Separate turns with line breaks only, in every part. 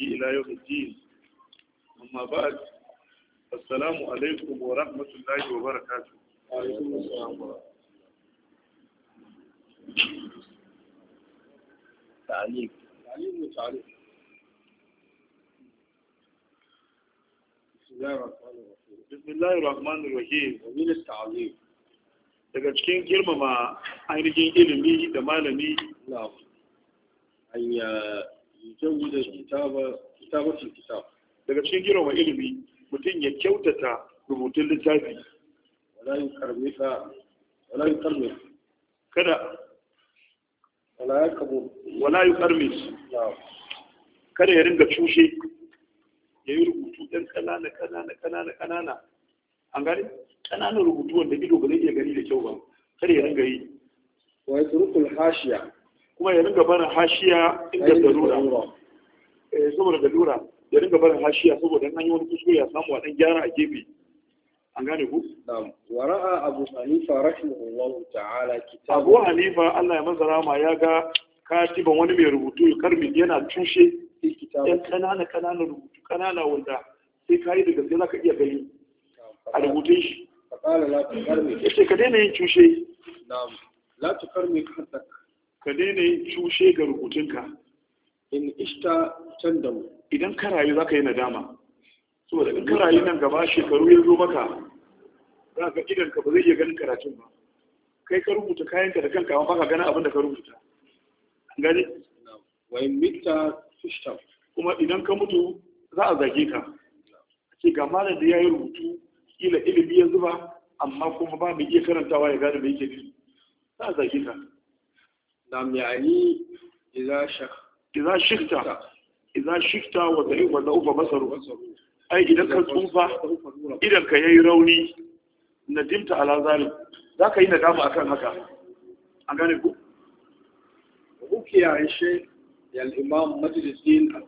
إلى يوم الدين أما بعد السلام عليكم ورحمة الله وبركاته السلام تعليق تعليق وتعليق بسم الله الرحمن الرحيم بسم الله الرحمن الرحيم ومن التعليم daga cikin girmama ainihin ilimi an ya da kitabar kitabatul kitab daga cikin girma ilimi mutum ya kyautata rubutun littafi wala yukarmita wala kada wala yakabu kada ya ringa cushe ya yi rubutu ɗan ƙanana ƙanana ƙanana ƙanana an gani ƙananan rubutu wanda ido ba zai iya gani da kyau ba kada ya ringa yi wa yasrukul hashiya kuma ya ringa barin hashiya inda eh saboda lura, ya ringa barin hashiya saboda an yi wani kuskure ya samu a dan gyara a gefe an gane ku na'am wa ra'a abu hanifa rahimahullahu ta'ala kitab abu hanifa Allah ya masa ma ya ga katiban wani mai rubutu ya karmi yana tushe yan kanana kanana rubutu kanana wanda sai kai daga sai zaka iya gani a rubutun shi ya ce ka daina yin tushe na'am la tukarmi kantak ka daina yin cushe ga rubutunka in ishta can da mu idan ka rayu za ka yi nadama saboda in ka rayu nan gaba shekaru ya zo maka za ka idan ka ba zai iya ganin karatun ba kai ka rubuta kayanka da kanka amma ka gana abin da ka rubuta gani Wai Mita mitta kuma idan ka mutu za a zage ka ce ga malam da ya yi rubutu kila ilimi ya zuba amma kuma ba mu iya karantawa ya gane me yake nufi za a zage ka nam yani idza shakh idza shikta idza shikta wa da'i wa da'ufa basaru ai idan ka tsufa ka yayi rauni nadimta ala zalim zaka yi nadama akan haka an gane ku ukiya ishe al-imam majlisin al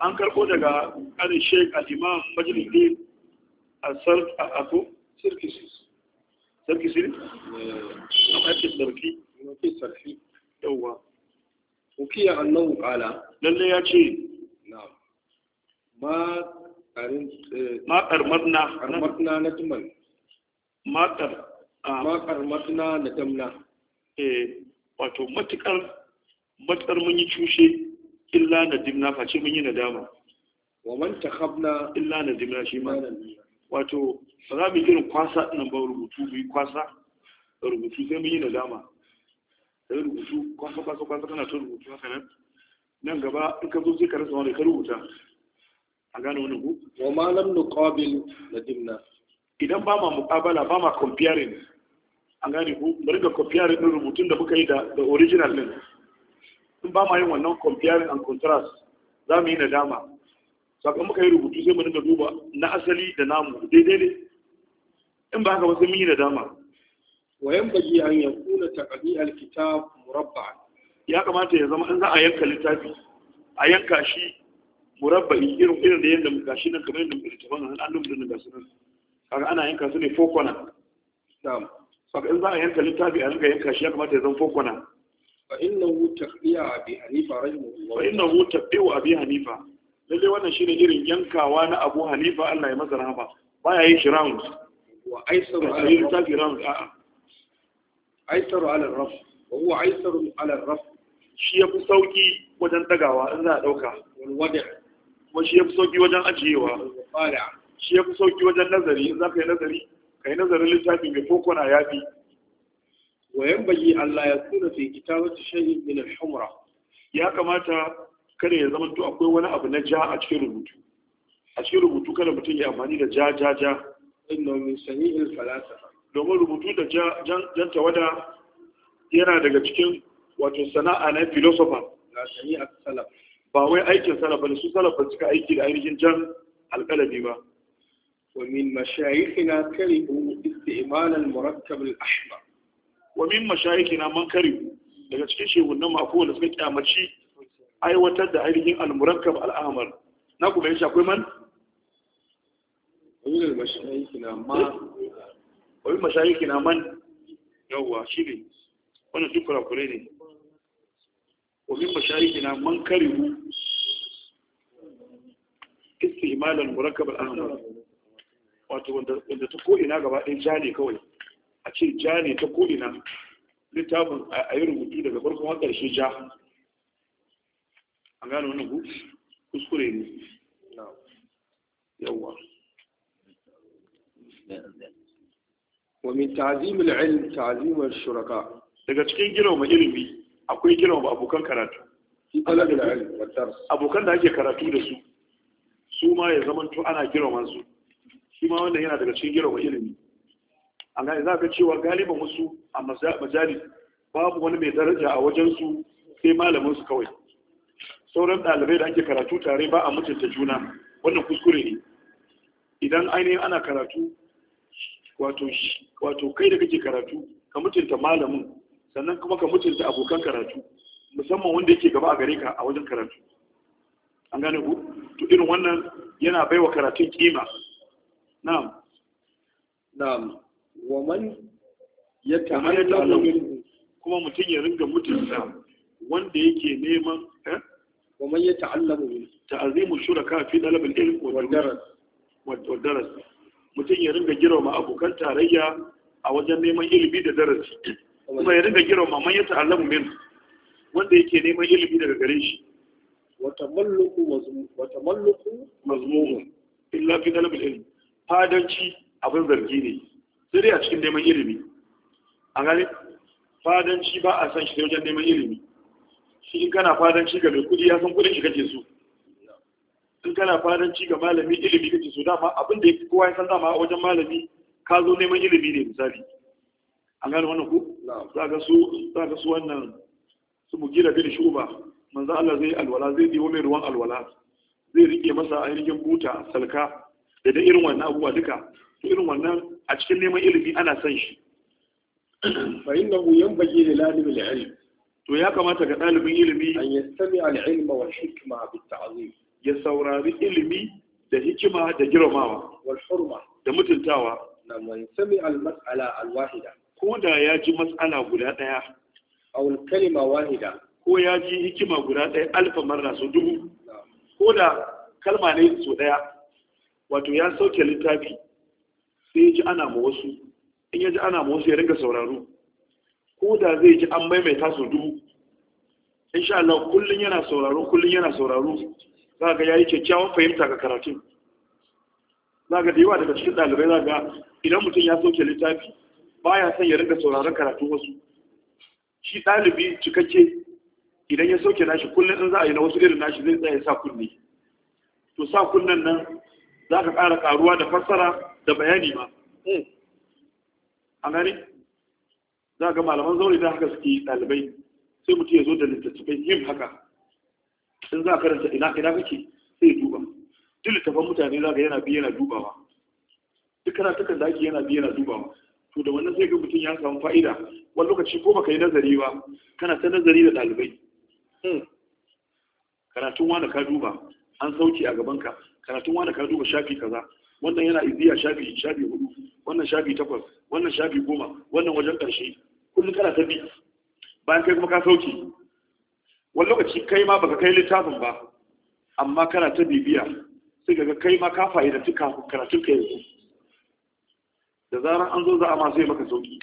an karbo daga kan sheikh al-imam majlisin al-sarqatu sirkisi ne a cikin sarki yawwa ukiya annahu qala lalle ya ce na'am ma qarin eh, ma na tumal ma qar na damna. eh wato matukar matukar mun yi cushe illa na dimna face mun yi na dama. wa man takhabna illa na dimna shi ma wato ba za mu irin kwasa nan ba rubutu mu yi kwasa rubutu sai mun yi na dama. ka yi rubutu kwaso kwaso kwaso kana ta rubutu haka nan nan gaba in ka zo sai ka rasa wani ka rubuta a gane wani ku wa malam nuqabil nadimna idan ba ma muqabala ba ma comparing an gane ku bari ga comparing din rubutun da muka yi da da original din in ba ma yin wannan comparing and contrast za mu yi nadama sakon muka yi rubutu sai mu dinga duba na asali da namu daidai ne in ba haka ba sai mun yi nadama wayan baji an kula yakuna taqdi alkitab murabba ya kamata ya zama in za a yanka littafi a yanka shi murabba'i irin irin da yanda muka shi nan kamar da muka tafi nan an dubu da sunan kaga ana yanka su ne four corner na'am saka in za a yanka littafi a yanka yanka shi ya kamata ya zama four corner fa innahu taqdiya abi hanifa rahimahullah fa innahu taqdiya abi hanifa lalle wannan shine irin yankawa na abu hanifa Allah ya masa rahama baya yin shi round wa aisaru a littafi round a'a aisaru ala raf wa huwa aisaru ala raf shi yafi sauki wajen tagawa in za a dauka wal kuma shi yafi sauki wajen ajiyewa shi yafi sauki wajen nazari in za ka yi nazari ka yi nazarin littafi mai kokona yafi wa bayi Allah ya kuna fi ita shay'in min al-humra ya kamata kada ya zama to akwai wani abu na ja a cikin rubutu a cikin rubutu kada mutum ya amfani da ja ja ja inna min sani'il falasafa domin rubutu da jan tawada yana daga cikin wato sana'a na filosofa na sani a salaf ba wai aikin salaf ba su salaf ba suka aiki da ainihin jan alƙalami ba wa min mashayikhina karibu isti'mal al-murakkab al-ahmar wa min mashayikhina man karibu daga cikin shehunan mu akwai wanda suka kyamaci aiwatar da ainihin al-murakkab al-ahmar na kuma bayan akwai man wa mashayikhina ma wani mashayiki na man yawwa shi ne wani duk kurakure ne wani mashayiki na man karihu istihmalan murakkabar ahmar wato wanda ta ko'ina gaba ɗaya ja ne kawai a ce ja ne ta ko'ina littafin a yi rubutu daga farkon har ƙarshe ja a gano wani kuskure ne yawwa wa min ta'zimul ilm ta'zimul shuraka daga cikin girma ilimi akwai girma abokan karatu abokan da ake karatu da su su ma ya zama to ana girma su shi ma wannan yana daga cikin girma ilimi an ga za ka cewa galiban wasu a majalis babu wani mai daraja a wajen su sai malamin su kawai sauran ɗalibai da ake karatu tare ba a mutunta juna wannan kuskure ne idan ainihin ana karatu wato kai da kake karatu ka mutunta malamin sannan kuma ka mutunta abokan karatu musamman wanda yake gaba a gare ka a wajen karatu an gane ku to irin wannan yana baiwa karatun kima na'am na'am wa man ya ta'allamu kuma mutum ya ringa mutunta wanda yake neman eh? wa man ya ta'allamu ta'azimu shuraka fi talab ilmi ilm wa daras wa daras mutum ya ringa ma abokan tarayya a wajen neman ilimi da darasi kuma ya ringa girma man ya ta'allamu min wanda yake neman ilimi daga gare shi wata malluku mazmumu illa fi talab ilmi fadanci abin zargi ne sai a cikin neman ilimi a gane fadanci ba a san shi wajen neman ilimi shi kana fadanci ga mai kudi ya san kudin shi kake so in kana ci ga malami ilimi kace so dama abin da yake kowa ya san dama wajen malami ka zo neman ilimi ne misali an gane wannan ku za ga su za ga su wannan su mugira bil shuba manzo Allah zai alwala zai diwo mai ruwan alwala zai rike masa ainihin buta salka da da irin wannan abuwa duka to irin wannan a cikin neman ilimi ana san shi fa hu yanbaghi lil alim al ilm to ya kamata ga dalibin ilimi an yastami al ilma wal hikma bit ta'zim ya saurari ilimi da hikima da girmamawa wal hurma da mutuntawa na wa sami al mas'ala al wahida ko da ya ji mas'ala guda daya aw al kalima wahida ko ya ji hikima guda daya alfa marra su dubu ko da kalma ne su daya wato ya sauke littafi sai ya ji ana ma wasu in ya ji ana ma wasu ya ringa sauraro ko da zai ji an maimaita su dubu insha Allah kullun yana sauraro kullun yana sauraro za ga yayi kyakkyawan fahimta ga karatun za ga da yawa daga cikin ɗalibai za ga idan mutum ya soke littafi ba ya son ya rinka sauraron karatun wasu shi ɗalibi cikakke idan ya soke nashi kullum in za a yi na wasu irin nashi zai tsaya sa kunne to sa kunnen nan za ka ƙara ƙaruwa da fassara da bayani ma a gani za ga malaman zaure da haka suke ɗalibai sai mutum ya zo da littattafai yin haka in za karanta ina kake sai duba duk littafan mutane za ka yana biyu na dubawa duk karatukan da ake yana biyu na dubawa to da wannan sai ga mutum ya samu fa'ida wani lokaci ko baka yi nazari ba kana ta nazari da ɗalibai hmm. karatun wani ka duba an sauke a gabanka karatun wani ka duba shafi kaza wannan yana iziya shafi shafi hudu wannan shafi takwas wannan shafi goma wannan wajen ƙarshe kullum kana ta bi bayan kai kuma ka sauke wani lokaci kai ma baka kai littafin ba amma kana ta bibiya sai ga kai ma ka fa'idanci kafin karatun ka yanzu da zarar an zo za a ma sai maka sauki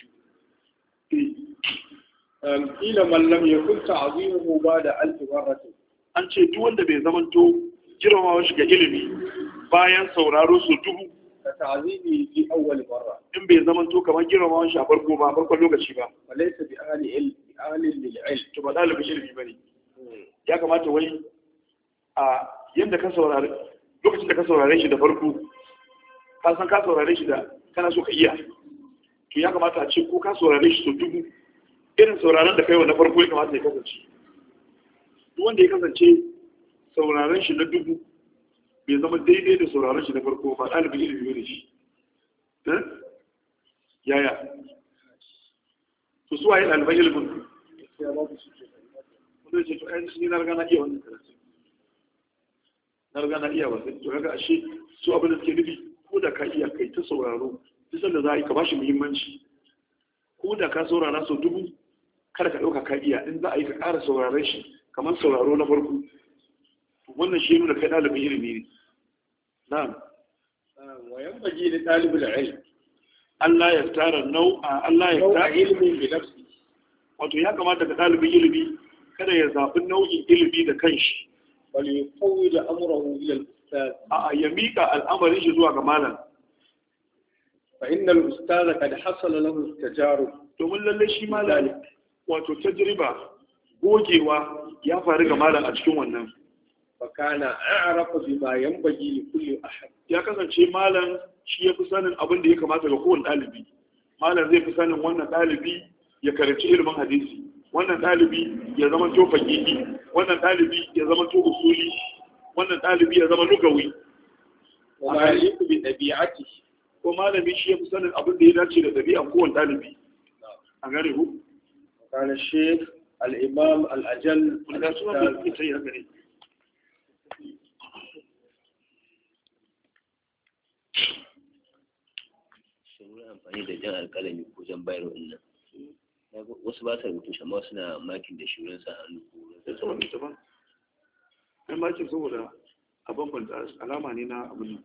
kila eh. mallam ya kunta azimuhu ba da alfi marratin an ce duk wanda bai zamanto girmamawa shiga ga ilimi bayan sauraro su dubu da ta'azimi fi awwal marra in bai zamanto kamar girmamawa shi a farko ba farkon lokaci ba walaysa bi ahli ilmi ahli lil ilm to ba dalibin ilimi bane ya kamata wai a yadda ka saurare lokacin da ka saurare shi da farko ka san ka saurare shi da kana so ka iya to ya kamata a ce ko ka saurare shi so dubu irin sauraren da kai wa na farko ya kamata ya kasance duk wanda ya kasance sauraren shi na dubu bai zama daidai da sauraren shi na farko ba ɗalibin ilimi ne shi eh? yaya to suwaye ɗalibin ilimin zai ce to ai ni na riga iya wannan karatu na riga na iya wannan to kaga ashe su abin da suke nufi ko da ka iya kai ta sauraro duk da za a yi ka bashi muhimmanci ko da ka saurara sau dubu kada ka ɗauka ka iya in za a yi ka ƙara sauraron shi kamar sauraro na farko wannan shi nuna kai ɗalibin ilimi ne na'am wa yambaji li ɗalibul ilm Allah ya tara nau'a Allah ya tara ilmin bi nafsi wato ya kamata ga ɗalibin ilimi kada ya zaɓi nau'in ilimi da kanshi Wani yuqawwil amrahu ila al-ustad a ya mika al'amarin shi zuwa ga malam fa inna al-ustad qad hasala lahu tajarub domin lalle shi malami wato tajriba gogewa ya faru ga malam a cikin wannan fakana a'rafa bima yanbaghi li kulli ahad ya kasance malam shi ya fi sanin abin da ya kamata ga kowane ɗalibi malam zai fi sanin wannan ɗalibi ya karanci ilimin hadisi wannan ɗalibi ya zama to fakihi wannan ɗalibi ya zama to usuli wannan ɗalibi ya zama lugawi wa ma yaliku bi dabi'ati ko malami shi ya fi sanin abin da ya dace da ɗabi'a kowane ɗalibi a gare ku kana sheikh al-imam al-ajal da da ya gare sun yi amfani da jan alkalami ko jan bayar wannan wasu ba sa rubutun shi amma suna makin da shi wurin sa hannu ko wurin sa sama ita ba makin saboda a bambanta alama ne na abin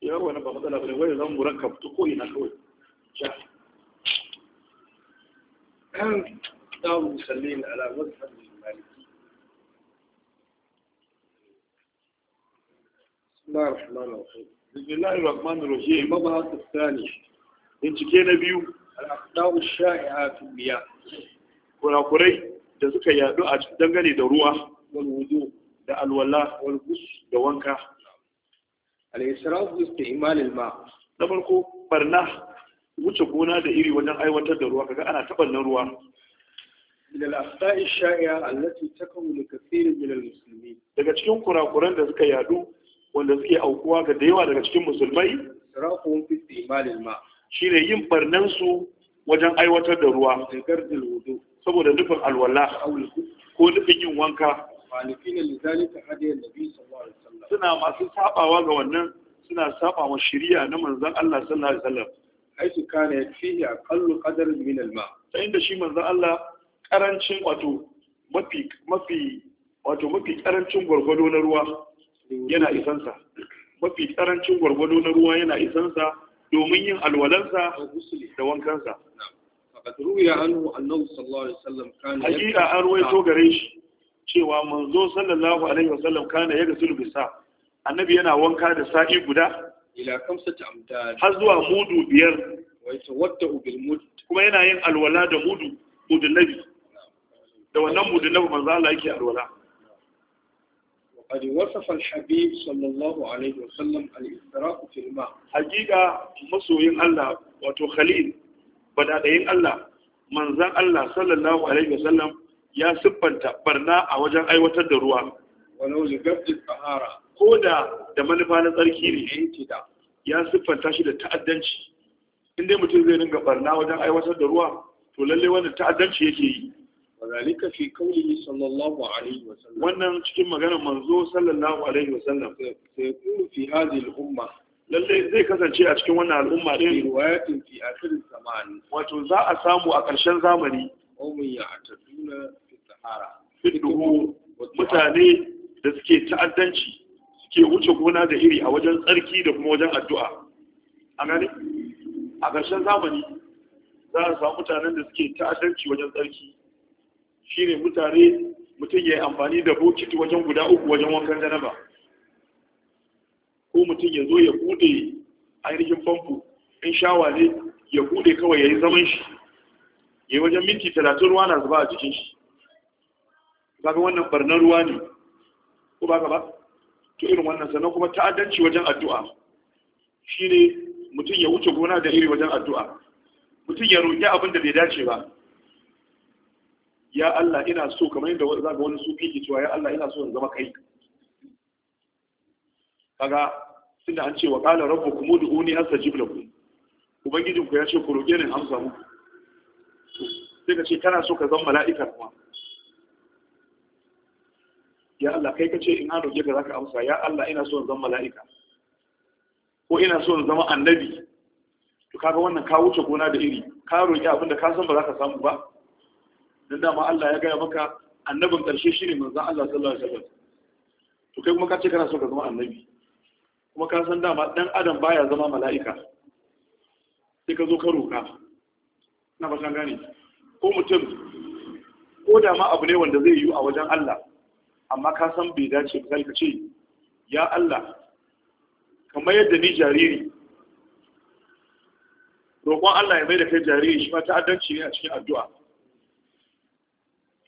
ya wani ba matsala bane wai zan muran ka fito ko ina kawai ja الله الرحمن الرحيم بسم الله الرحمن الرحيم الثاني bincike na biyu al'aqdawu sha'i'a fi biya da suka yadu a dangane da ruwa wal wudu da alwala wal da wanka al-israf bi istimal al-ma na farko barna wuce gona da iri wajen aiwatar da ruwa kaga ana taɓa na ruwa من الأخطاء الشائعة التي تقع لكثير daga cikin kurakuran da suka yadu wanda suke aukuwa ga da yawa daga cikin musulmai rafun fi istimalil ma ne yin barnan su wajen aiwatar da ruwa saboda nufin alwala ko nufin yin wanka suna masu sabawa ga wannan suna saba wa shari'a na manzon Allah sallallahu alaihi wasallam haisu kana yakfihi aqallu qadar min alma ta inda shi manzon Allah karancin wato mafi mafi wato mafi karancin gwargwado na ruwa yana isansa mafi karancin gwargwado na ruwa yana isansa domin yin alwalansa da wankansa hakika an ruwaito gare shi cewa manzo sallallahu alaihi wasallam kana ya gasul bisa annabi yana wanka da sa'i guda har zuwa mudu biyar kuma yana yin alwala da mudu mudu nabi da wannan mudu nabi manzo Allah yake alwala قد وصف الحبيب صلى الله عليه وسلم الاستراق في الماء حقيقة مسوين الله وتو خليل بدأين الله منزل الله صلى الله عليه وسلم يا سبنت برنا أوجه أي وتدروا ولو لقبض الطهارة كودا da manufa na tsarki ne ya siffanta shi da ta'addanci in dai mutum zai ringa barna wajen aiwatar da ruwa to lalle wannan ta'addanci yake yi وذلك في قوله صلى الله عليه وسلم wannan cikin maganar manzo sallallahu alaihi wasallam sai fi hadhihi al-umma lalle zai kasance a cikin wannan al'umma da riwayatin fi akhir zaman wato za a samu a ƙarshen zamani ya ya'taduna fi sahara fiduhu mutane da suke ta'addanci suke wuce gona da iri a wajen tsarki da kuma wajen addu'a a gane a ƙarshen zamani za a samu mutanen da suke ta'addanci wajen tsarki shine mutane mutum ya yi amfani da bokiti wajen guda uku wajen wankan janaba ko mutum ya zo ya bude ainihin famfo in shawa ne ya bude kawai ya yi zaman shi ya yi wajen minti talatin ruwa na zuba a jikin shi ba ga wannan barnar ruwa ne ko ba ka ba to irin wannan sannan kuma ta'addanci wajen addu'a shine mutum ya wuce gona da iri wajen addu'a mutum ya roƙi abin da bai dace ba ya Allah ina so kamar yadda za ga wani sufi ke cewa ya Allah ina so in zama kai kaga tunda an ce wa qala rabbukum ud'uni astajib lakum ubangijin ku ya ce ku roke ni amsa muku sai ka ce kana so ka zama mala'ika kuma ya Allah kai ka ce in an roke ka zaka amsa ya Allah ina so in zama mala'ika ko ina so in zama annabi to kaga wannan ka wuce gona da iri ka roki abinda ka san ba za ka samu ba Don dama Allah ya gaya maka annabin karshe ne manzan Allah sallallahu alaihi wasallam to kai kuma ka ce kana so ka zama annabi kuma ka san dama dan adam baya zama mala'ika sai ka zo ka roka na ba san gane ko mutum ko da ma abu ne wanda zai yi a wajen Allah amma ka san bai dace ba ka ce ya Allah kamar yadda ni jariri roƙon Allah ya mai da kai jariri shi ma ta'addanci ne a cikin addu'a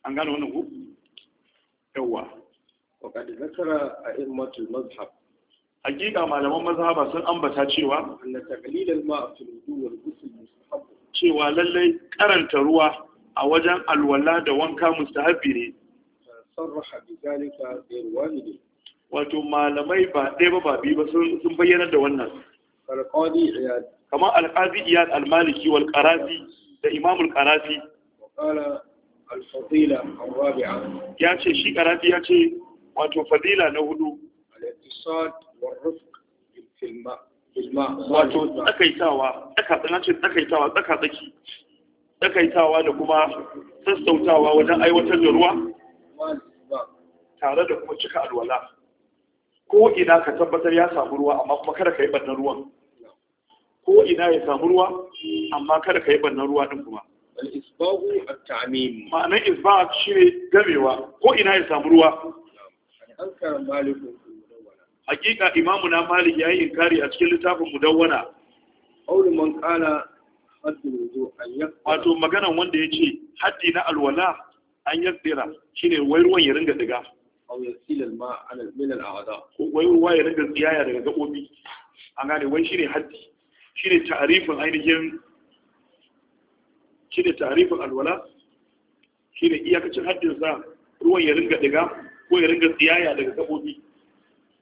an gane wannan ku yawa wa kad zakara a'immatul mazhab hakika malaman mazhaba sun ambata cewa anna taqlilal ma'a fil wudu wal ghusl mustahab cewa lallai karanta ruwa a wajen alwala da wanka mustahabi ne sarraha bi zalika ghayr wahid wato malamai ba ɗaya ba babi ba sun bayyana da wannan kamar alƙadi iyad almaliki wal qarafi da imamul qarafi qala Ya ce shi شيء ya ce, wato Fadila na hudu. نهدو الاقتصاد والرفق في الماء wato tsakaitawa tsakaitawa tsaka tsaki tsakaitawa da kuma sassautawa wajen aiwatar da ruwa tare da kuma cika alwala ko ina ka tabbatar ya samu ruwa amma kuma kada ka yi bannan ruwan ko ina ya samu ruwa amma kada ka yi bannan ruwa din kuma Al'isbahu a at Ma'anin ma'anar shi ne gamewa ko ina ya samu ruwa an imamu na malik yayi inkari a cikin littafin mudawwana qawlu man haddi haddu zo an yaqta wato maganan wanda ya ce haddi na alwala an yaqtira shine wai ruwan ya ringa diga aw yasil alma ala min al'ada ko wai ruwa ya ringa tsiyaya daga gabobi an gane wai ne haddi ne ta'arifin ainihin shi ne tarifin alwala shi ne iyakacin sa ruwan ya ringa diga ko ya ringa tsiyaya daga gaɓoɓi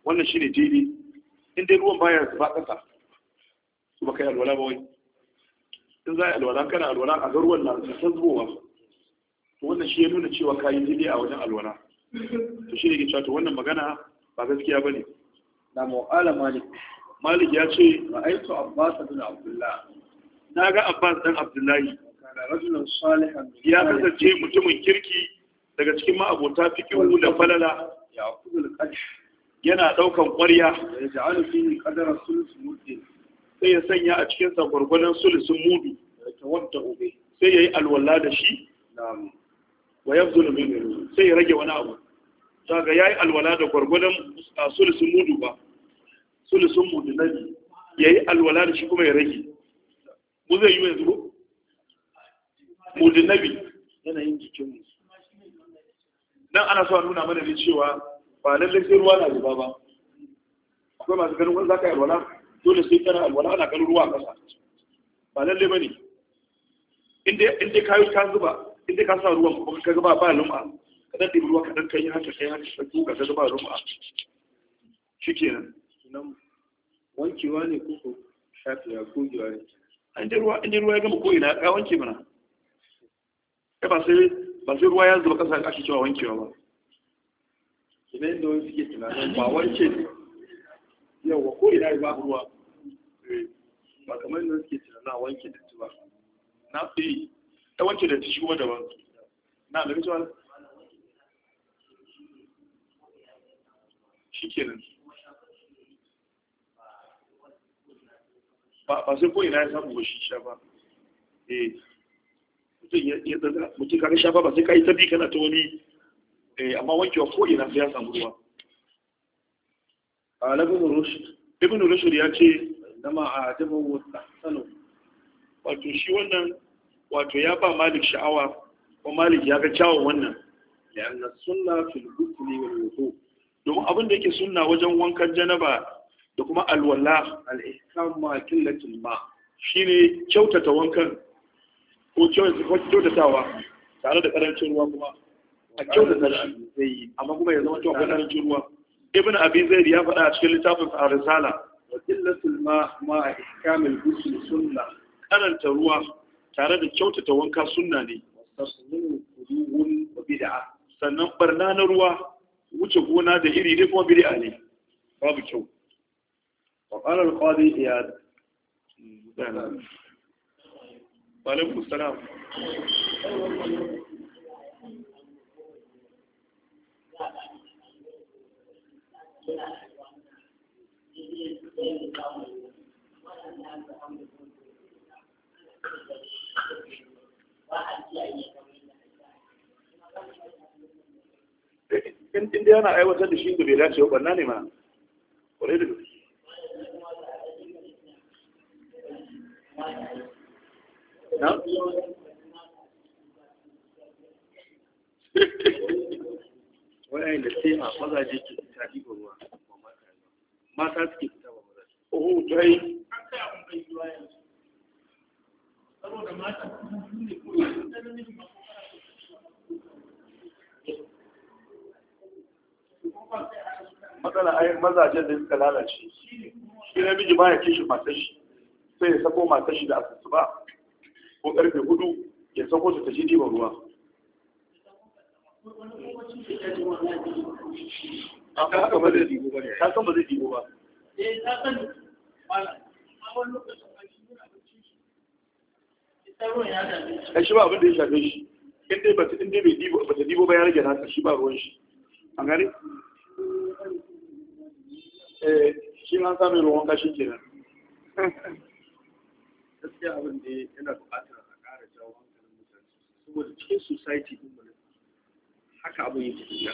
wannan shi ne daidai in dai ruwan baya zuba ƙasa su baka yi alwala ba wai in za a yi alwala kana alwala a ga ruwan na ta zubowa wannan shi ya nuna cewa ka yi daidai a wajen alwala to shi ne ke cewa wannan magana ba gaskiya ba ne na mu'ala malik malik ya ce ba aiko abbas bin abdullah na ga abbas dan abdullahi salihan ya kasance mutumin kirki daga cikin ma'abota fikihu da falala yana daukan ƙwarya sai ya sanya a cikin sa gurgurdan sulusin mudu ya yi sai alwala da shi na'am wa fi minhu sai ya rage wani abu ya yi alwala da gurgurdan sulusin mudu ba sulusin mudu na ya yi alwala da shi kuma ya rage mu zai yi yanzu mujinabi yanayin jikinmu dan ana so a nuna mana ne cewa ba lallai sai ruwa na zuba ba akwai masu ganin wani zaka yi alwala dole sai kana alwala ana ganin ruwa a ƙasa ba lallai ba ne inda ka yi ka zuba inda ka sa ruwan kuma ka zuba ba lumma ka dan ruwa ka dan kai haka kai haka ka ka zuba ruwa shikenan kenan wankewa ne ko shafewa ko jiwa ne an ruwa ya gama ko ina ka wanke mana kai ba sai ba sai ruwa ya zuba kasa ake cewa wankewa ba idan da wani suke tunanin ba wanke yawa ko ina ba ruwa eh, ba kamar yadda suke tunanin a wanke da ba na fi ta wanke da shi kuma daban na da cewa shi kenan ba sai ko ina ya samu ba shi sha ba eh mutum ya tsaga mutum shafa ba sai ka yi ta bi kana ta wani eh, amma wankewa ko ina sai ya samu ruwa a labin rushd ibn rushd ya ce nama a jama wata sano wato shi wannan wato ya ba malik sha'awa ko malik ya ga kyawun wannan na sunna fil ne wal wudu domin abin da yake sunna wajen wankan janaba da kuma alwala al-ihsan ma qillatil ma shine kyautata wankan ko kyautatawa tare da karancin ruwa kuma a kyau da zai yi amma kuma ya zama cewa karancin ruwa ibn abi zaid ya faɗa a cikin littafin sa risala wa qillatul ma ma ihkamil ghusl sunna karanta ruwa tare da kyautata wanka sunna ne sannan barna na ruwa wuce gona da iri dai kuma bid'a ne babu kyau وقال القاضي إياد Walaikun salam. Eh, in aiwatar da shi da bai dace ba ne ma da mata suke oho turai matsala ai mazajen da suka lalace shi namiji ba ya kishi matar shi sai ya sako matar shi da asusu ba ko karfe hudu ya sako ta tashi ɗiban ruwa ta san ba zai ɗigo ba a shi ya ba abin da ya shafe shi in dai ba bai dibo ba ta dibo ba ya rage nasa shi ba ruwan shi an gane eh shi an samu ruwan kashi kenan gaskiya abin da yana buƙatar a kara jawo hankalin mutane saboda cikin society din haka abin yake tafiya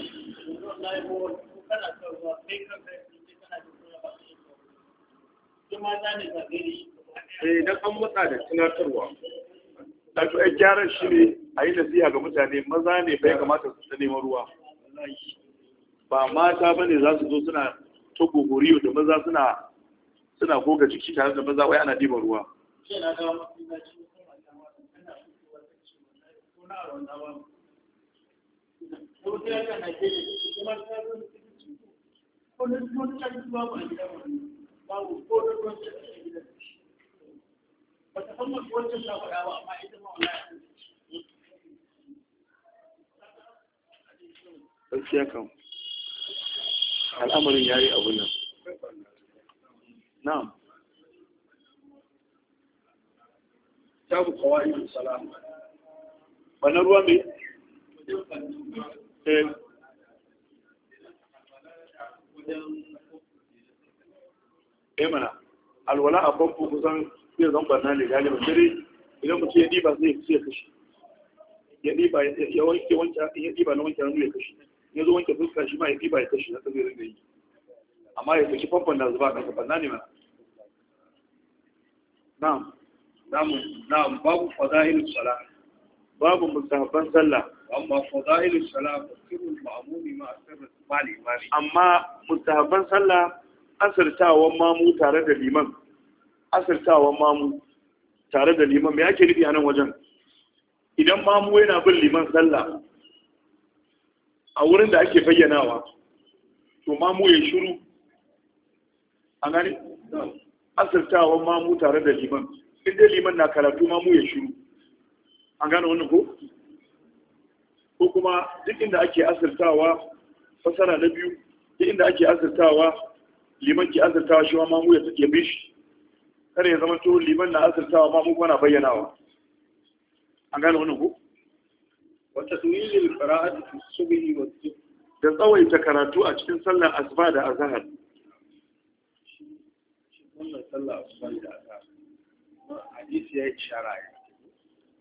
eh dan an motsa da tunatarwa wato ai eh, gyaran shi ne a yi nasiha ga mutane maza ne bai kamata su ta neman ruwa ba mata ba ne za su zo suna ta gogoriyo da maza suna suna goga jiki tare da maza wai ana diba ruwa Thank babu ko da ruwan da ke gidan shi ba ta san mutu wancan ta faɗa ba amma ita ma wallahi gaskiya kan al'amarin yayi abun nan na'am babu kawai salam wannan ruwa mai eh eh mana alwala a famfo kusan zai zan barna ne galiba sai dai idan mutum ya ɗiba zai ya kashi ya ɗiba na wanke hannu ya kashi ya zo wanke fuska shi ma ya ɗiba ya kashi haka zai rinka yi amma ya saki famfon na zuba kansa barna ne mana na'am namu na'am babu fadailus sala babu mustahabban sallah amma fadailus sala sirrul ma'mumi ma sirrul mali mali amma mustahabban sallah asirtawan mamu tare da liman asirtawan mamu tare da liman me ake nufi a nan wajen idan mamu yana bin liman sallah a wurin da ake bayyanawa to mamu ya shiru a gani asirtawan mamu tare da liman inda liman na karatu mamu ya shiru an gane wani ko ko kuma duk inda ake asirtawa fasara na biyu duk inda ake asirtawa liman ke azurtawa shi ma mamu ya bi shi kar ya zama to liman na azurtawa mamu kuma bayyana wa. an gane wani ku wata tuwilin fara'adu su subihi wa da tsawaita karatu a cikin sallar asuba da Azahar. wannan sallar asuba da Azahar? azhar hadisi ya yi ishara ya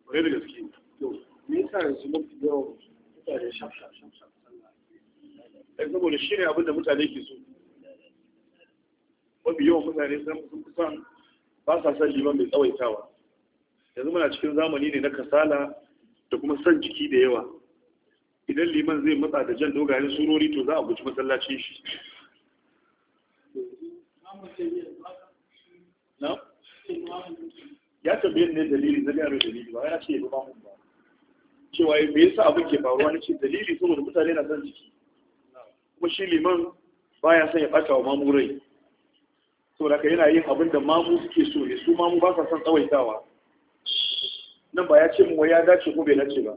bare da gaske ne to me yasa yanzu mafi yawan mutane shaf shaf shaf sallah saboda shi ne abin da mutane ke so mafi yawan mutane sun kusan ba sa son liman mai tsawaitawa yanzu muna cikin zamani ne na kasala da kuma son jiki da yawa idan liman zai matsa da jan dogayen surori to za a guji masallacin shi ya tambaye ne dalili na gano dalili ba ya ce ya ba mun ba cewa me yasa abin ke faruwa ne ce dalili saboda mutane na son jiki kuma shi liman baya son ya ɓata wa mamurai saboda ka yana yin abin da mamu suke so ne su mamu ba sa son tsawaitawa nan ba ya ce mu ya dace ko bai dace ba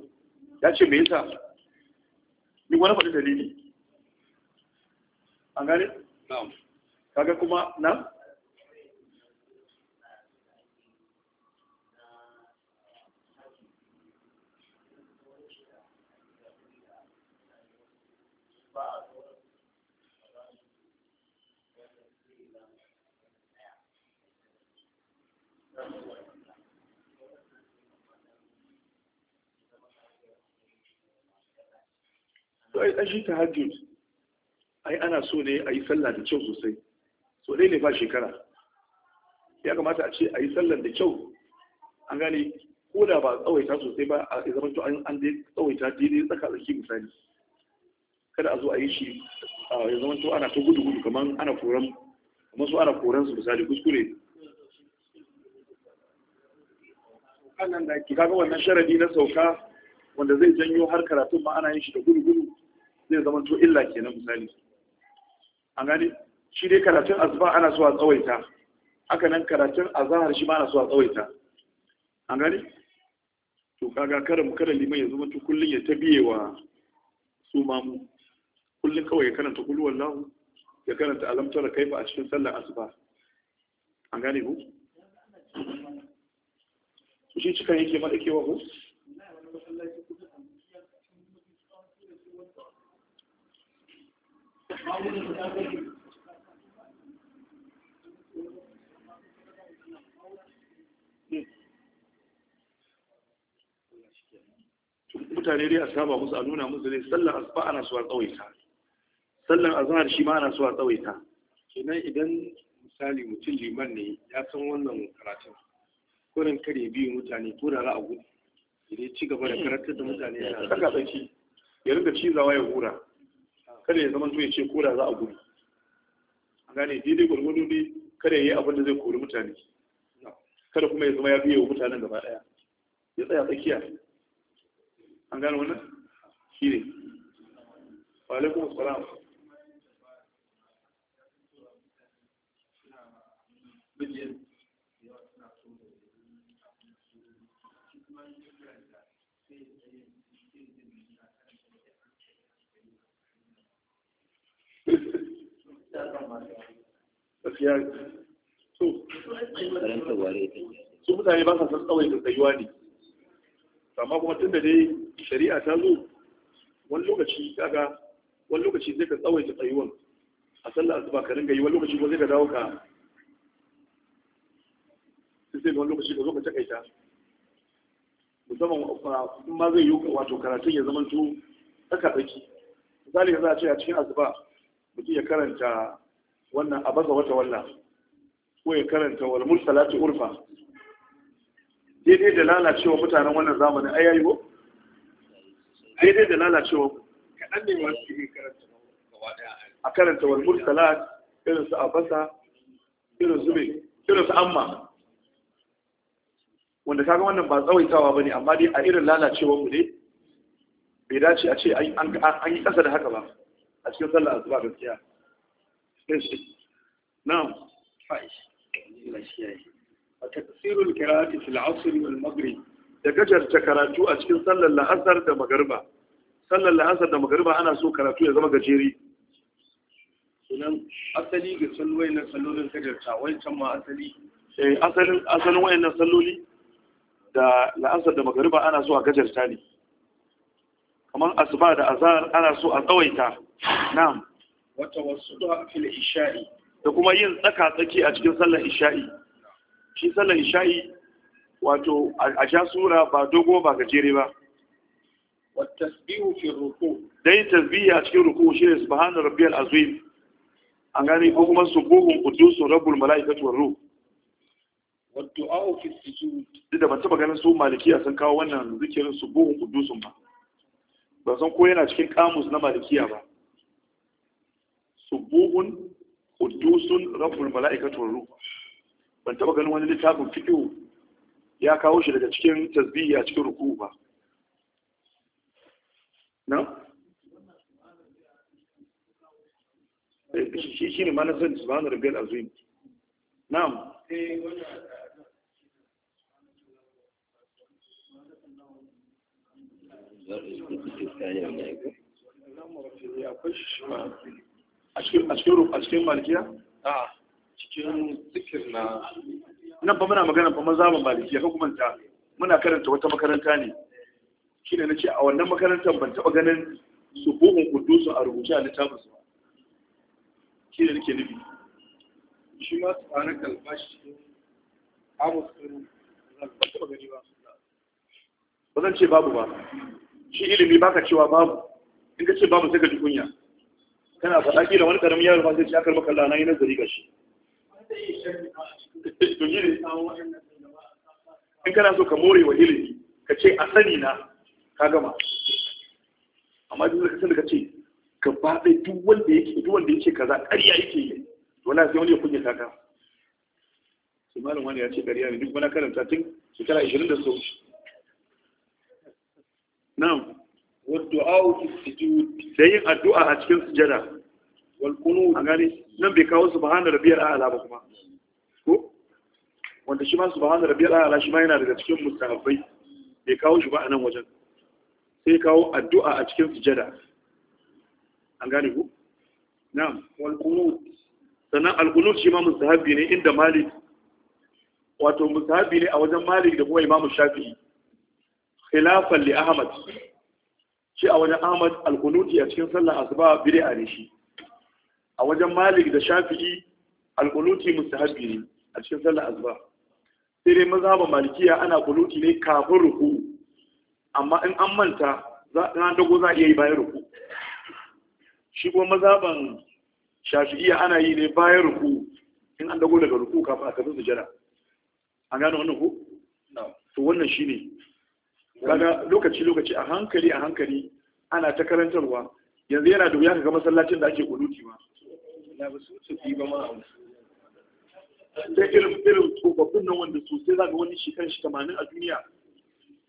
ya ce me yasa ni wani faɗi dalili an gane kaga kuma na ai ta tahajjud ai ana so ne a yi sallah da kyau sosai so dai ne ba shekara ya kamata a ce a yi sallah da kyau an gane ko da ba tsawaita sosai ba a zaman to an dai tsawaita daidai tsaka tsaki misali kada a zo a yi shi a zaman to ana ta gudu gudu kamar ana koran kamar su ana koran su misali kuskure kanan da ki kaga wannan sharadi na sauka wanda zai janyo har karatun ma ana yin shi da gudu gudu zai zama to illa kenan misali an gani shi dai karatun asuba ana so a tsawaita haka nan karatun azahar shi ma ana so a tsawaita an gani to kaga karin mu kada liman ya zama to kullun ya tabiye wa su mamu kullun kawai ya karanta kullu wallahu ya karanta alamtar kaifa a cikin sallar asuba an gani ku shi cikan yake ma dakewa ku mutane dai a saba musu a nuna musu dai sallan asuba ana suwa tsawaita sallan azhar shi ma ana suwa tsawaita kenan idan misali mutum liman ne ya san wannan karatun kurin kare biyu mutane ko da za gudu idan ci gaba da karatun da mutane ya saka tsaki ya ci cizawa ya hura kada ya zama ya ce ko da za a gudu an gane daidai gwargwado ne kada ya yi abin da zai kori mutane kada kuma ya zama ya biye wa mutanen gaba daya ya tsaya tsakiya an gane wannan shi ne wa alaikum salam Thank you. su mutane ba sa san tsawai da tsayuwa ne amma kuma tun da dai shari'a ta zo wani lokaci kaga wani lokaci zai ka tsawai da tsayuwan a sallar asuba ka ringa yi wani lokaci ko zai ka dawo ka sai wani lokaci ka zo ka takaita musamman in ma zai yi wato karatun ya zama to tsaka tsaki misali za a ce a cikin asuba mutum ya karanta wannan a baza wata walla ko ya karanta wal mursalati urfa daidai da lalacewa mutanen wannan zamanin ai yayi ko daidai da lalacewa kaɗan ne wasu ke karanta a karanta wal mursalat irin su abasa irin su be irin su amma wanda kaga wannan ba tsawaitawa bane amma dai a irin lalacewa mu ne bai dace a ce an yi ƙasa da haka ba a cikin sallar asuba gaskiya na'am a tafsirul qira'ati fil asr wal maghrib da gajarta karatu a cikin sallar la'asar da magariba sallar la'asar da magariba ana so karatu ya zama gajeri sunan asali ga sallowai na sallolin gajarta wai can ma asali eh, asalin asalin wayannan salloli da la'asar da magariba ana so a gajarta ne kamar asuba da azhar ana so a tsawaita na'am wata wasu da fil isha'i da kuma yin tsaka tsaki a cikin sallar isha'i shi sallar isha'i wato a sha sura ba dogo ba gajere ba والتسبيح في الركوع دين تسبيح a cikin ruku shine subhana rabbiyal azim an gane ko kuma subuhun qudusun rabbul malaikatu war ruh والدعاء في السجود da ban taba ganin su malikiya sun kawo wannan zikirin subuhun qudusun ba ba san ko yana cikin kamus na malikiya ba subuhun quddusun rabbul mala'ikatu war ruh ban taba ganin wani littafin fiqh ya kawo shi daga cikin tasbihi a cikin ruku ba na eh, shi shi ne manazin subhanar rabbil azim na'am eh wannan a cikin a a cikin na nan ba muna magana ba maza ba malikiya ko kuma ta muna karanta wata makaranta ne na ce a wannan makarantar ban taɓa ganin subuhun kudusu a rubuce a littafin su shine nake nufi shi ma tsarin kalbashi amus ba zan ce babu ba shi ilimi baka cewa babu in ka ce babu sai ka ji kunya kana faɗa kila wani karamin yaro ba zai ci akar maka lana yi nazari ga shi in kana so ka more wa ilimi ka ce a sani na ka gama amma duk ka sani ka ce gaba ɗaya duk wanda yake duk wanda yake kaza ƙarya yake yi wala sai wani ya kunya taka sai malam wani ya ce ƙarya ne duk wani karanta tun shekara 20 da su na'am والدعاء في da yin addu'a a cikin sujada wal qunut gani nan bai kawo su subhana rabbiyal a'la ba kuma ko wanda shi ma su subhana rabbiyal a'la shi ma yana daga cikin mustahabbai bai kawo shi ba a nan wajen sai kawo addu'a a cikin sujada an gane ku na'am wal qunut sannan al qunut shi ma mustahabbi ne inda malik wato mustahabbi ne a wajen malik da kuma imamu shafi'i khilafan li ahmad shi a wajen ahmad al-qunuti a cikin sallar asuba bid'a ne shi a wajen malik da shafi'i al-qunuti mustahabbi ne a cikin sallar asuba sai dai mazhabin malikiya ana qunuti ne kafin ruku amma in an manta za a dago za a iya yi bayan ruku shi kuma mazhaban shafi'iya ana yi ne bayan ruku in an dago daga ruku kafin a tafi sujada an gano wannan ku to wannan shine kaga lokaci lokaci a hankali a hankali ana ta karantarwa yanzu yana da wuya kaga masallacin da ake kunuti ba na ba su su ba ma sai irin tsofaffin nan wanda sosai za ga wani shi shi tamanin a duniya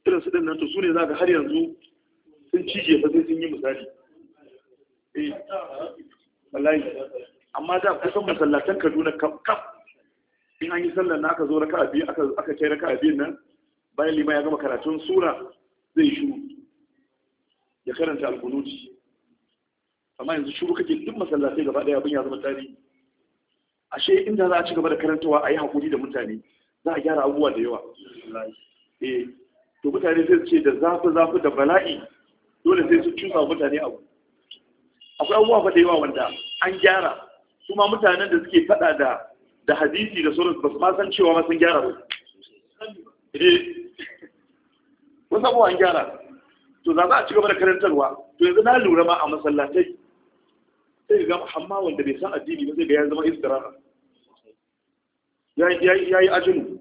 irin su din nan to su ne za ga har yanzu sun cije ba sai sun yi misali eh wallahi amma da kusan masallatan Kaduna kaf in an yi sallar na aka zo raka'a biyu aka kai raka'a biyun nan bayan lima ya gama karatun sura zai shuru ya karanta alkunuti amma yanzu shuru kake duk masallatai gaba daya abin ya zama tsari. ashe inda za a ci gaba da karantawa a yi hakuri da mutane za a gyara abubuwa da yawa eh to mutane sai su ce da zafi zafi da bala'i dole sai su cusa mutane abu akwai abubuwa fa da yawa wanda an gyara kuma mutanen da suke fada da da hadisi da sauransu ba su ma san cewa ma sun gyara ba eh kun samu an gyara to za a ci gaba da karantarwa to yanzu na lura ma a masallatai sai ga hamma wanda bai san addini ba sai ga ya zama istiraha ya yi ya yi ajinu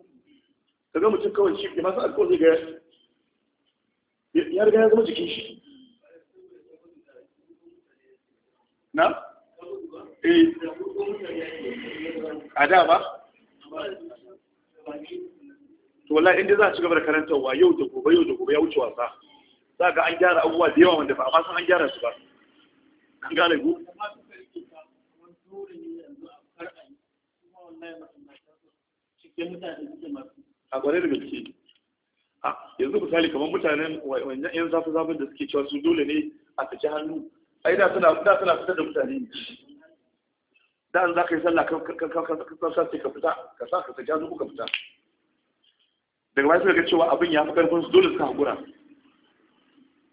kaga mutum kawai shi bai ma san alƙawari ga ya riga ya zama jikin shi na eh a da ba to wallahi inda za a ci gaba da karantarwa yau da gobe yau da gobe ya wuce wasa za ga an gyara abubuwa da yawa wanda ba a san an gyara su ba an gane ku a gwane da gaske a yanzu misali kamar mutanen wannan yan zafi zafin da suke cewa su dole ne a saki hannu ai da suna da suna fitar da mutane da an za ka yi sallah ka ka ka fita ka sa ka jazu ku ka fita daga wasu daga cewa abin ya fi karfin su dole su haƙura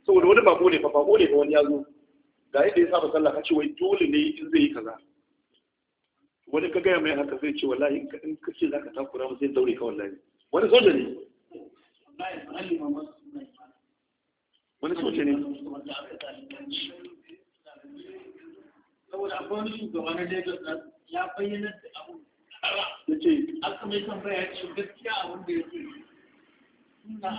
saboda wani bako ne fa bako ne fa wani ya zo ga yadda ya saba sallah ka ce wai dole ne in zai yi kaza wani ka gaya mai haka zai ce wallahi in ka ce zaka takura mu zai daure ka wallahi wani soja ne wani soja ne saboda akwai wani shugaba na Lagos ya bayyana da abu ya ce aka mai tambaya ya ce gaskiya abin da ya ce sai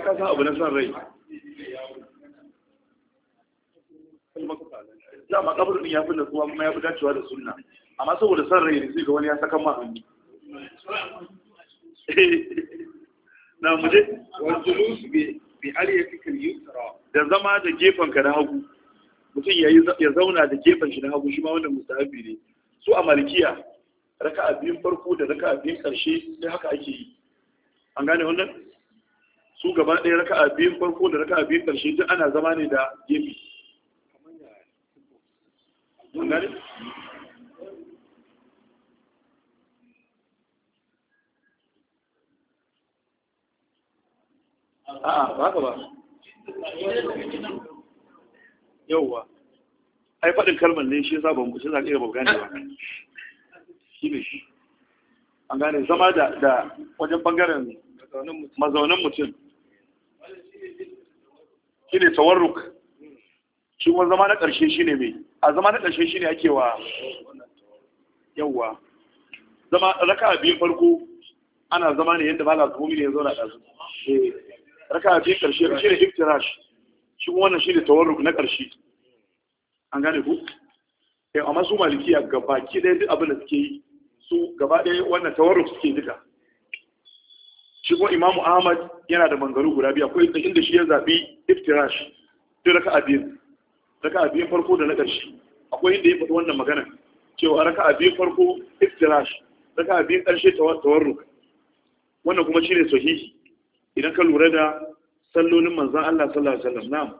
ka sa abu na son rai dama kabarin ya fi nasuwa kuma ya fi dacewa da suna. amma saboda san rai ne sai ga wani ya saka ma hannu na muje wajulus bi bi aliyatikal yusra da zama da gefen ka na hagu mutum ya zauna da gefen shi na hagu shi ma wannan mustahabi ne su a malikiya raka'a biyun farko da raka'a biyun karshe sai haka ake yi an gane wannan su gaba ɗaya raka'a biyun farko da raka'a biyun karshe duk ana zama ne da gefe an gane a'a ba ka ba yauwa ai faɗin kalmar ne shi yasa ban shi za ka iya ba gane ba shi ne shi an gane zama da da wajen bangaren mazaunin mutum shi ne tawarruk shi kuma zama na ƙarshe shi ne mai a zama na ƙarshe shi ne ake wa yauwa zama raka biyu farko ana zama ne yadda ba la zuwa ne ya zauna ɗazu eh. raka ce karshe shi ne iftirash shi wannan shi ne tawarruk na karshe an gane ku eh amma su malikiya gaba ki ɗaya duk abin da suke yi su gaba dai wannan tawarruk suke duka shi kuma Imam ahmad yana da mangaru guda biyu akwai inda shi ya zabi iftirash duk raka abin? raka abin farko da na ƙarshe akwai inda ya faɗi wannan magana cewa raka biyu farko iftirash raka abin ƙarshe tawarruk wannan kuma shi ne sahihi idan ka lura da sallonin manzan Allah sallallahu alaihi wasallam na'am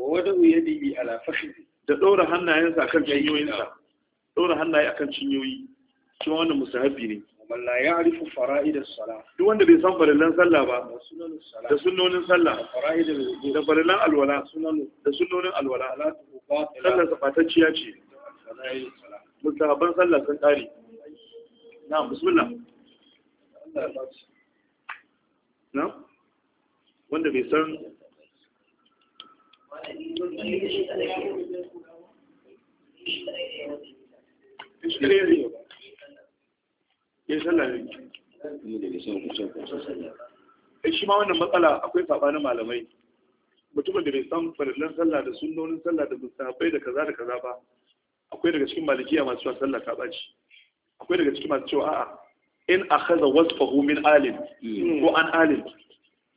wa wadu yadihi ala fakhdi da ɗora hannayensa a kan cinyoyinsa ɗora hannaye a kan cinyoyi shi wani musu musahabi ne man la ya'rifu fara'id as-salah duk wanda bai san farillan sallah ba da sunnonin sallah fara'id al-wudu da farillan alwala da sunnonin alwala sallah sabatacciya ce mustahaban sallah sun kare na bismillah na wanda bai san eh, shi ma wannan matsala akwai na malamai mutumin da bai san farillan sallah da sunnonin sallah da musabai da kaza da kaza ba akwai daga cikin malikiya masu cewa sallah ta ɓaci akwai daga cikin masu cewa a'a in akhadha wasfahu min alim ko an alim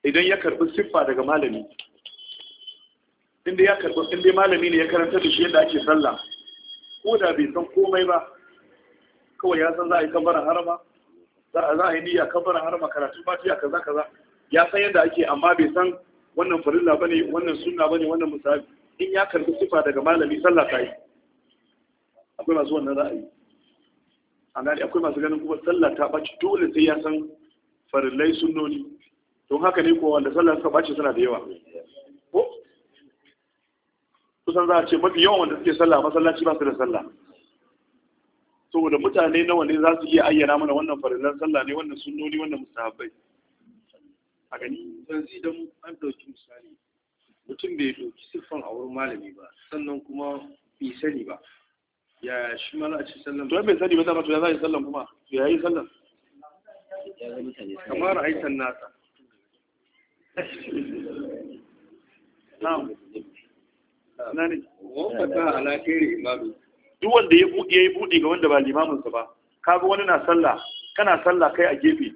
idan ya karbi siffa daga malami inda ya karbi inda malami ne ya karanta da shi yadda ake sallah ko da bai san komai ba kawai ya san za a yi kabarin harama za a yi niyya kabarin harama karatun fatiha kaza kaza ya san yadda ake amma bai san wannan farilla bane wannan sunna bane wannan musabi in ya karbi siffa daga malami sallah ta yi akwai masu wannan ra'ayi a gani akwai masu ganin kuma sallah ta ɓaci dole sai ya san farillai sunnoni don haka ne kuwa wanda sallah suka baci suna da yawa ko kusan za a ce mafi yawan wanda suke sallah masallaci ba su da sallah saboda mutane nawa ne za su iya ayyana mana wannan farillan sallah ne wannan sunnoni wannan musahabbai a gani yanzu idan an ɗauki misali mutum bai ɗauki siffan a wurin malami ba sannan kuma bai sani ba ya shi mala a ci sallan to bai sani ba dama to ya zai sallan kuma ya yi sallan kamar aitan nasa na'am nani wafaka ta khairi imami duk wanda ya buɗe ya buɗe ga wanda ba limaminsa ba Ka ga wani na sallah kana sallah kai a gefe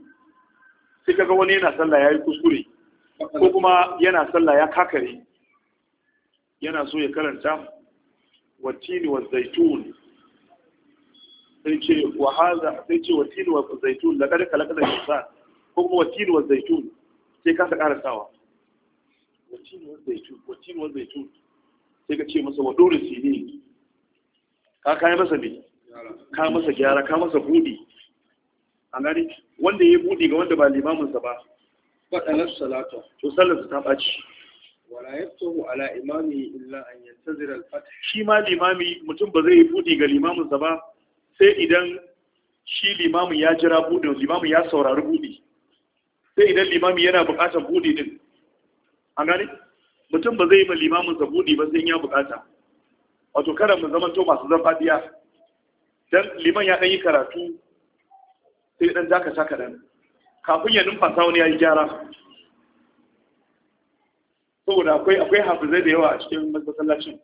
sai ka ga wani yana sallah ya yi kuskure ko kuma yana sallah ya kakare yana so ya karanta والتين والزيتون sai ce wahaza sai ce watini wa zaitun la kada kala kada insan ko kuma watini wa zaitun sai ka ƙara sawa Watini wa zaitun watin wa zaitun sai ka ce masa wa dole sini ka kai masa ne ka masa gyara ka masa budi an gani wanda ya budi ga wanda ba limamin sa ba fadalar salatu to sallar ta baci wala yaftahu ala imami illa an yantazira al-fath shi ma limami mutum ba zai yi budi ga limamin sa ba sai idan shi limamin ya jira budin limamin ya saurari budi sai idan limami yana buƙatar budi din an gane mutum ba zai yi ma limamin sa budi ba sai ya buƙata wato kada mu zama to masu zafadiya dan liman ya dan yi karatu sai dan dakata kaɗan kafin ya numfasa wani ya yi gyara saboda akwai akwai hafizai da yawa a cikin masallacin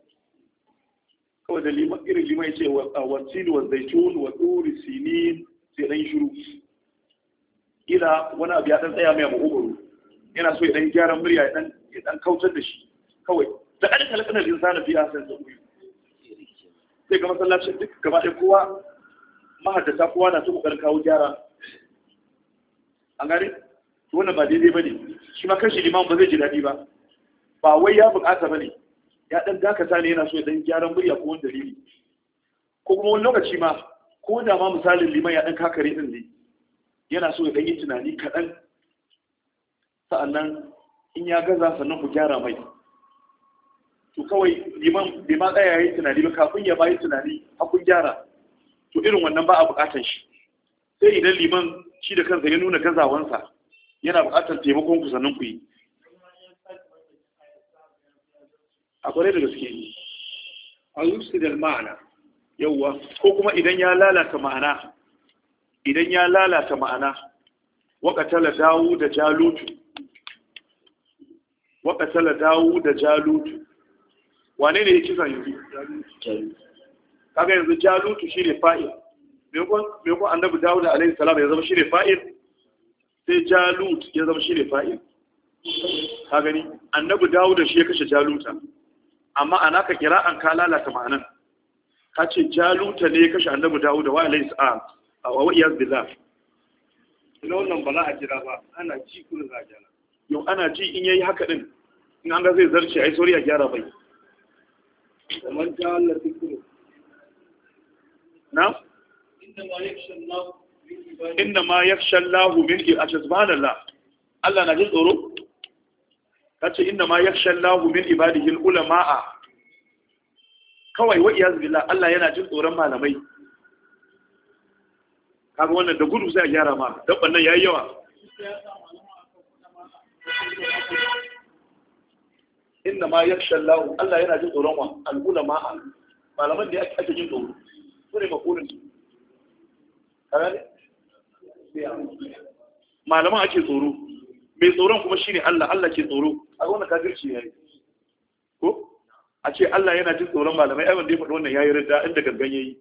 kawai da liman irin liman yace wa tin wa zaitun wa turi sinin sai dan ila wani abu ya dan tsaya mai makogoro yana so ya dan gyara murya ya dan ya dan kautar da shi kawai da kada da insana fi asan da uyu sai ga masallacin duk gaba da kowa mahaddata kowa na so kokarin kawo gyara an gane wannan ba daidai bane shi ma kashi liman ba zai ji daɗi ba ba wai ya bukata bane ya dan dakata ne yana so ya dan gyaran murya ko wanda dalili ko kuma wani lokaci ma ko da ma misalin liman ya dan kakare din ne yana so ya dan yi tunani kaɗan sa'annan in ya gaza sannan ku gyara mai to kawai liman bai ma tsaya yayi tunani ba kafin ya bayi tunani a kun gyara to irin wannan ba a bukatan shi sai idan liman shi da kansa ya nuna gazawansa yana bukatar taimakon ku sannan ku yi a kwarai da gaske a yusidal ma'ana yauwa ko kuma idan ya lalata ma'ana idan ya lalata ma'ana waƙatala dawo da jalutu waƙatala dawo da jalutu wane ne ya zan yanzu kaga yanzu jalutu shi ne fa'il maimakon annabi dawo da alayhi salam ya zama shi ne fa'il sai jalut ya zama shi ne fa'il ka gani annabi dawo da shi ya kashe jaluta amma ana ka kira an ka lalata ma'anan ka ce jaluta ne kashe annabi dawo da wa'alai sa'a a wa'iyar billah ina wannan ba za a kira ba ana ji kun za a gyara yau ana ji in yayi haka din in an ga zai zarce ai sauri a gyara bai kamar jalar dukkan na inna ma yakhsha Allah min ibadihi Allah na jin tsoro ka ce inda ma yakhsha Allahu min ibadihi ulama'a kawai wa iyaz billah Allah yana jin tsoron malamai kaga wannan da gudu sai gyara ma dabban nan yayi yawa inda ma yakhsha Allah Allah yana jin tsoron wa al-ulama'a malaman da ake jin tsoro ne. sune makulin malaman ake tsoro mai tsoron kuma shine Allah Allah ke tsoro a girki ya yi. ko a ce Allah yana jin tsoron malamai ai wanda ya faɗi wannan yayi ridda inda gangan yi.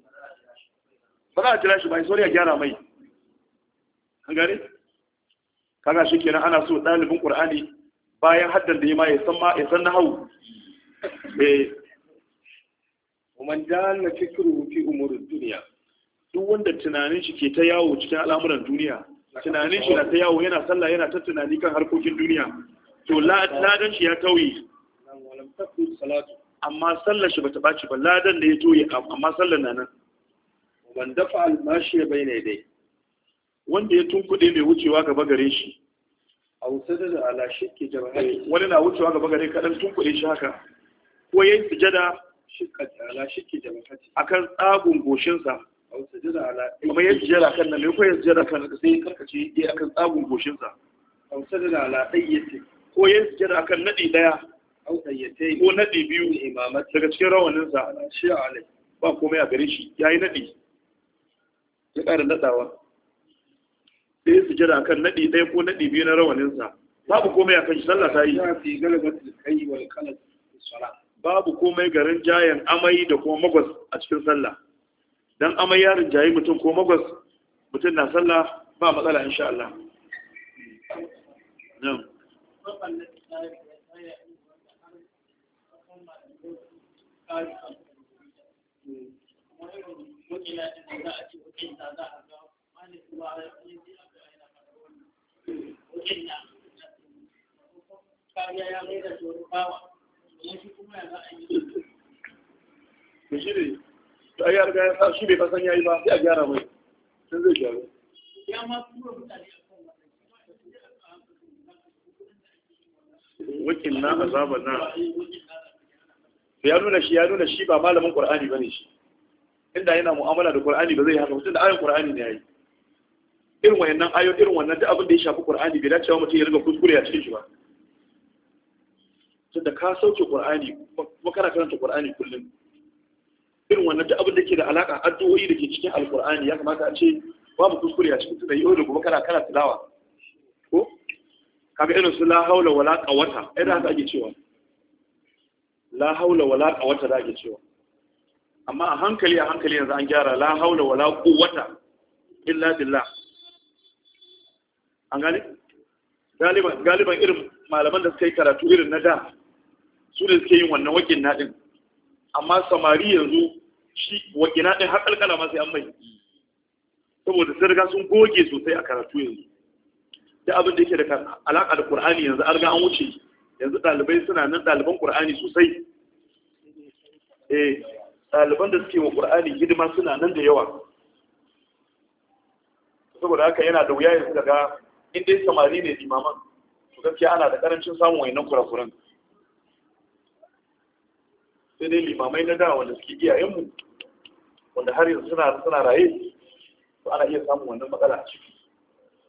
ba za a jira shi ba sai ya gyara mai ka gane shi kenan ana so ɗalibin Qur'ani bayan haddan da ya ma ya san ma ya san nahawu eh ومن جعل فكره في امور الدنيا duk wanda tunanin shi ke ta yawo cikin al'amuran duniya
tunanin shi na ta yawo
yana sallah yana ta tunani kan harkokin duniya to ladan shi ya tauye amma sallar shi bata baci ba ladan da ya tauye amma sallar na nan man dafa almashi ya bayyana dai wanda ya tunkuɗe mai wucewa gaba gare shi a wuce da ala shirki jama'i eh, wani na wucewa gaba gare kaɗan tunkuɗe shi haka ko ya yi sujada ala shirki akan tsagun goshinsa kuma ya sujada kan nan mai ko ya sujada kan sai karkace ya akan tsagun goshinsa a wuce da ala ɗayyace ko ya sujada kan naɗi ɗaya ko naɗi biyu daga cikin rawaninsa shi a alai ba komai a gare shi ya yi naɗi ya ƙara naɗawa sai su jira kan naɗi ɗaya ko naɗi biyu na rawaninsa babu komai a kan shi sallah ta yi babu komai garin jayan amai da kuma magwas a cikin sallah dan amai ya rinjayi mutum ko magwas mutum na sallah ba matsala insha Allah. shi bai fasan yayi ba sai a gyara mai sai zai gyara. ya ma kuma mutane wakin na azaban na ya nuna shi ya nuna shi ba malamin qur'ani bane shi inda yana mu'amala da qur'ani ba zai haka mutum da ayoyin qur'ani ne yayi irin wayannan ayo irin wannan da abin da ya shafi qur'ani bai dace wa mutum ya riga kuskure a cikin shi ba tunda ka sauke qur'ani kuma kana karanta qur'ani kullum irin wannan da abin da ke da alaka addu'o'i da ke cikin alqur'ani ya kamata a ce ba mu kuskure a cikin tunda yau da gobe kana kana tilawa kaga irin su la haula wala qawata idan da haka ake cewa la haula wala qawata da ake cewa amma a hankali a hankali yanzu an gyara la haula wala quwwata illa billah an gane galiban galiban irin malaman da suka yi karatu irin na da su da suke yin wannan wakin nadin amma samari yanzu shi wakin nadin har kalkala ma sai an mai saboda sun riga sun goge sosai a karatu yanzu da abin da yake da alaƙa da Qur'ani yanzu an ga an wuce yanzu ɗalibai suna nan ɗaliban Qur'ani sosai eh ɗaliban da suke wa Qur'ani hidima suna nan da yawa saboda haka yana da wuya yanzu daga in dai samari ne limaman to gaskiya ana da karancin samun wayannan kurakuran sai dai limamai na da wanda suke iyayenmu wanda har yanzu suna suna raye to ana iya samun wannan matsala a ciki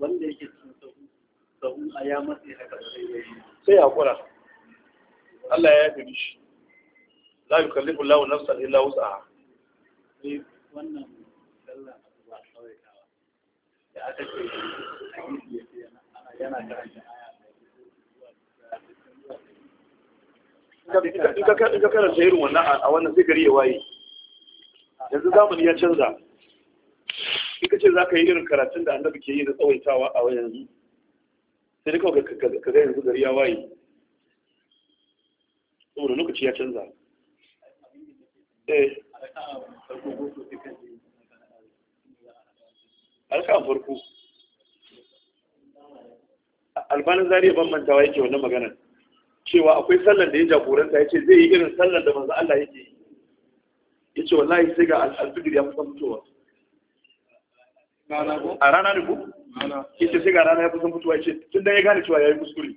wanda yake cikin sahu sahu a ya matsi haka da zai yi sai hakura Allah ya yafe shi la yukallifu Allahu nafsa illa wus'aha sai wannan a zuwa kawai kawa da aka ce yana karanta aya in ka karanta irin wannan a wannan zai gari ya waye yanzu zamani ya canza Shi ka ce za ka yi irin karatun da annabi ke yi da tsawaitawa a yanzu sai da kawai ka ga yanzu gari ya waye saboda lokaci ya canza eh alƙawar farko albanin zariya ban mantawa yake wannan maganar cewa akwai sallan da ya jagoranta ya ce zai yi irin sallan da manzo Allah yake yi ya ce wallahi sai ga alfijir ya fi fitowa a rana ne ku? yace sai rana ya kusan fitowa ce, tun da ya gane cewa ya yi kuskure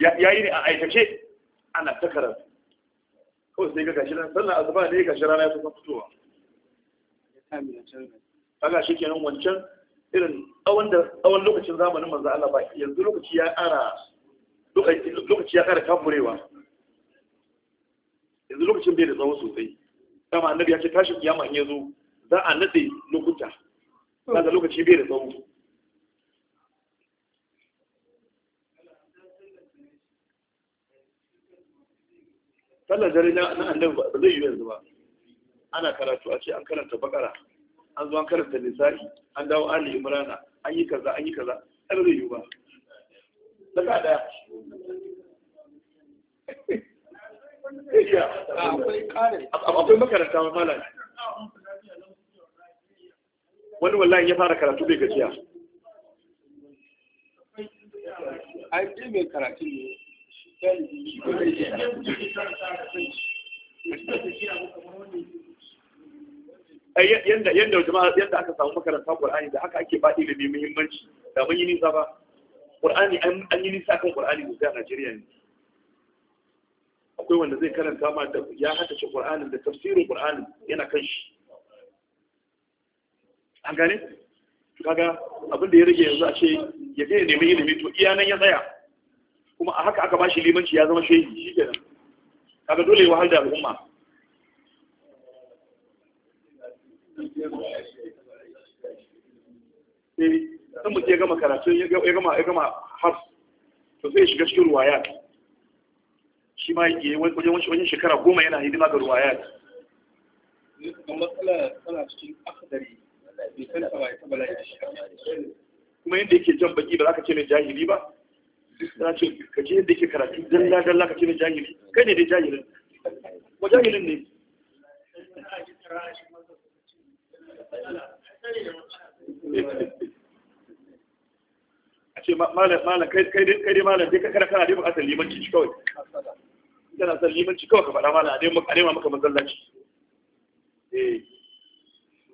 ya yi ne a aikace ana ta karatu kawai sai ga gashi rana sannan a asuba ne gashi rana ya kusan fitowa kaga shi kenan wancan irin tsawon lokacin zamanin manzo Allah ba yanzu lokaci ya ƙara lokaci ya ƙara kafurewa yanzu lokacin bai da tsawo sosai dama annabi ya ce tashin kiyama in ya zo za a nade lokuta za da lokaci bai da tsawo sallar dare na annabi ba zai yi yanzu ba ana karatu a ce an karanta bakara an zo an karanta lissafi an dawo ali imrana an yi kaza an yi kaza an zai yi ba daga daya akwai makaranta malami wani wallahi ya fara karatu bai gajiya ai ce mai karatu ne yanda jama'a yanda aka samu makaranta Qur'ani da haka ake ba ilimi muhimmanci da mun yi nisa ba Qur'ani an yi nisa kan Qur'ani da a Najeriya ne akwai wanda zai karanta ma da ya shi Qur'anin da tafsirin Qur'anin yana kan shi an gane kaga abin da ya rage yanzu a ce ya zai nemi ilimi to iya nan ya tsaya kuma a haka aka ba shi limanci ya zama shehi shi kenan kaga dole ya wahal da al'umma sai eh, sun mutu ya gama karatu ya gama ya gama har to sai ya shiga cikin ruwaya shi ma ya yi wajen shekara goma yana hidima ga ruwaya matsala tana cikin akadari kuma yadda yake jan baki ba za ka ce mai jahili ba na ce ka ce yadda yake karatu dalla dalla ka ce mai jahili kai ne dai jahilin ko jahilin ne a ce malam kai dai malam dai kana kana dai bukatar limanci kawai kana san limanci kawai ka faɗa malam a nema maka masallaci eh